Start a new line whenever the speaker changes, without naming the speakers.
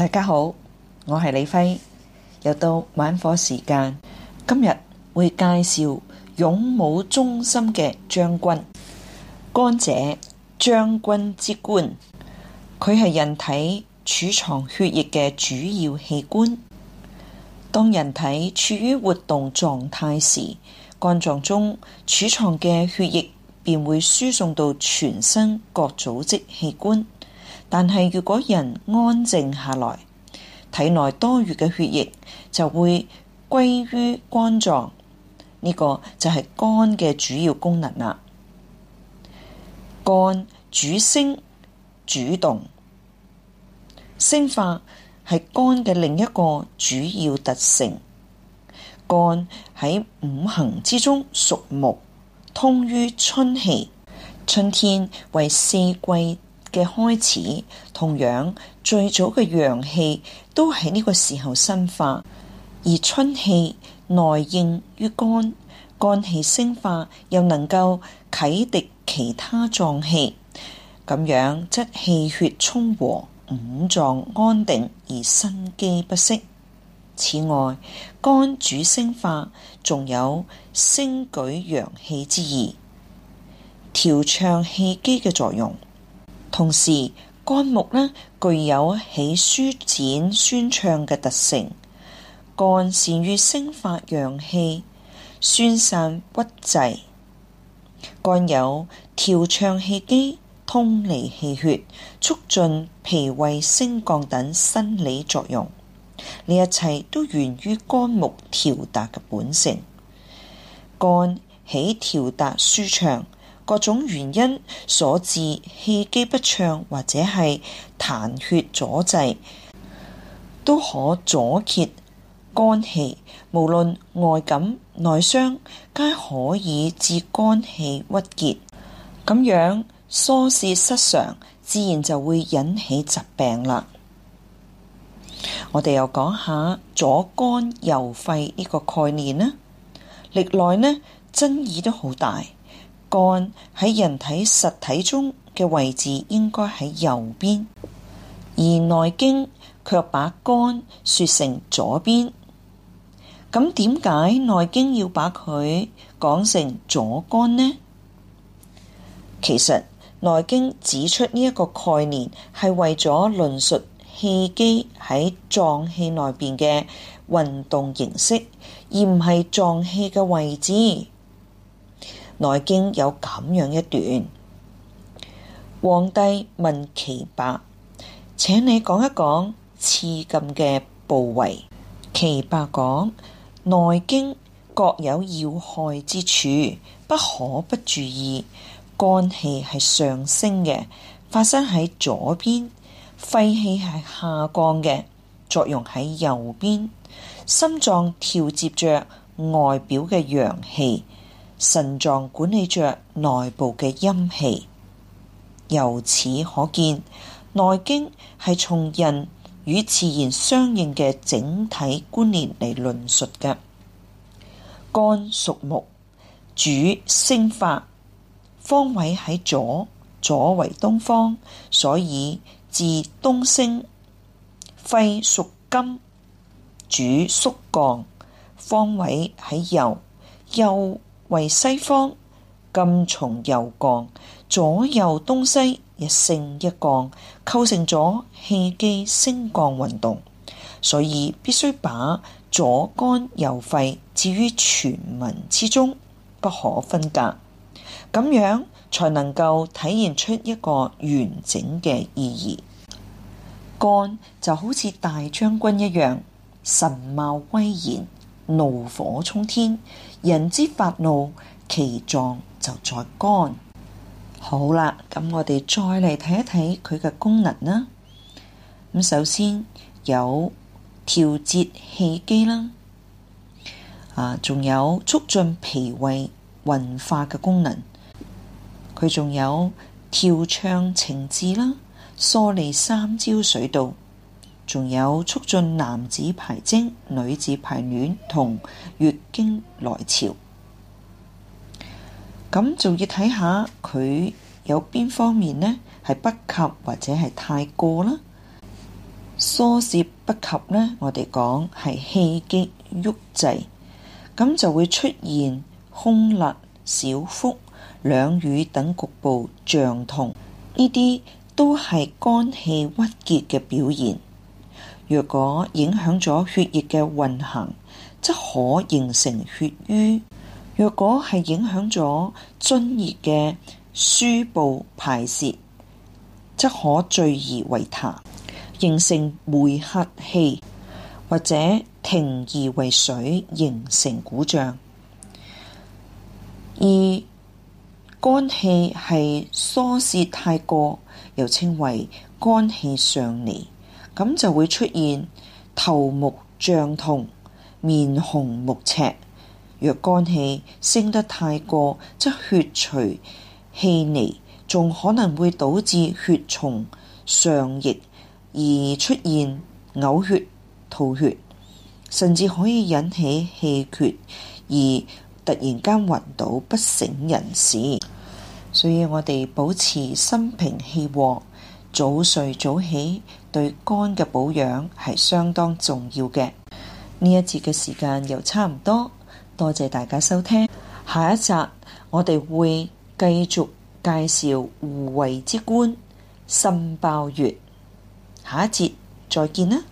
大家好，我係李輝，又到晚課時間。今日會介紹勇武忠心嘅將軍。肝者，將軍之官，佢係人體儲藏血液嘅主要器官。當人體處於活動狀態時，肝臟中儲藏嘅血液便會輸送到全身各組織器官。但係，如果人安靜下來，體內多餘嘅血液就會歸於肝臟，呢、這個就係肝嘅主要功能啦。肝主升主動，升發係肝嘅另一個主要特性。肝喺五行之中屬木，通於春氣，春天為四季嘅開始，同樣最早嘅陽氣都喺呢個時候生化，而春氣內應於肝，肝氣升化又能夠啟迪其他臟氣，咁樣則氣血充和，五臟安定而生機不息。此外，肝主升化，仲有升舉陽氣之意，調暢氣機嘅作用。同時，肝木呢具有起舒展宣暢嘅特性，肝善於升發陽氣、宣散鬱滯，肝有調暢氣機、通利氣血、促進脾胃升降等生理作用。呢一切都源於肝木調達嘅本性，肝起調達舒暢。各種原因所致氣機不暢或者係痰血阻滯，都可阻結肝氣。無論外感內傷，皆可以致肝氣鬱結。咁樣疏泄失常，自然就會引起疾病啦。我哋又講下左肝右肺呢個概念啦。歷來呢爭議都好大。肝喺人體實體中嘅位置應該喺右邊，而內經卻把肝說成左邊。咁點解內經要把佢講成左肝呢？其實內經指出呢一個概念係為咗論述氣機喺臟器內邊嘅運動形式，而唔係臟器嘅位置。內經有咁樣一段，黃帝問岐伯，請你講一講刺禁嘅部位。岐伯講：內經各有要害之處，不可不注意。肝氣係上升嘅，發生喺左邊；肺氣係下降嘅，作用喺右邊；心臟調節着外表嘅陽氣。腎臟管理着內部嘅陰氣，由此可見，《內經》係從人與自然相應嘅整體觀念嚟論述嘅。肝屬木，主升發，方位喺左，左為東方，所以自東升。肺屬金，主縮降，方位喺右，右，為西方金從右降，左右東西一升一降，構成咗氣機升降運動。所以必須把左肝右肺置於全文之中，不可分隔，咁樣才能夠體現出一個完整嘅意義。肝就好似大將軍一樣，神貌威嚴。怒火沖天，人之發怒，其狀就在肝。好啦，咁我哋再嚟睇一睇佢嘅功能啦。咁首先有調節氣機啦，啊，仲有促進脾胃運化嘅功能。佢仲有調暢情志啦，疏泄三焦水道。仲有促進男子排精、女子排卵同月經來潮。咁仲要睇下佢有邊方面呢？係不及或者係太過啦。疏泄不及呢，我哋講係氣機鬱滯，咁就會出現胸肋、小腹、兩乳等局部脹痛，呢啲都係肝氣鬱結嘅表現。若果影響咗血液嘅運行，則可形成血瘀；若果係影響咗津液嘅輸布排泄，則可聚而為痰，形成梅核氣，或者停而為水，形成鼓脹。而肝氣係疏泄太過，又稱為肝氣上逆。咁就會出現頭目脹痛、面紅目赤。若肝氣升得太過，則血隨氣逆，仲可能會導致血從上逆，而出現嘔血、吐血，甚至可以引起氣厥，而突然間暈倒不省人事。所以我哋保持心平氣和。早睡早起對肝嘅保養係相當重要嘅。呢一節嘅時間又差唔多，多謝大家收聽。下一集我哋會繼續介紹護衛之官心包月」。下一節再見啦。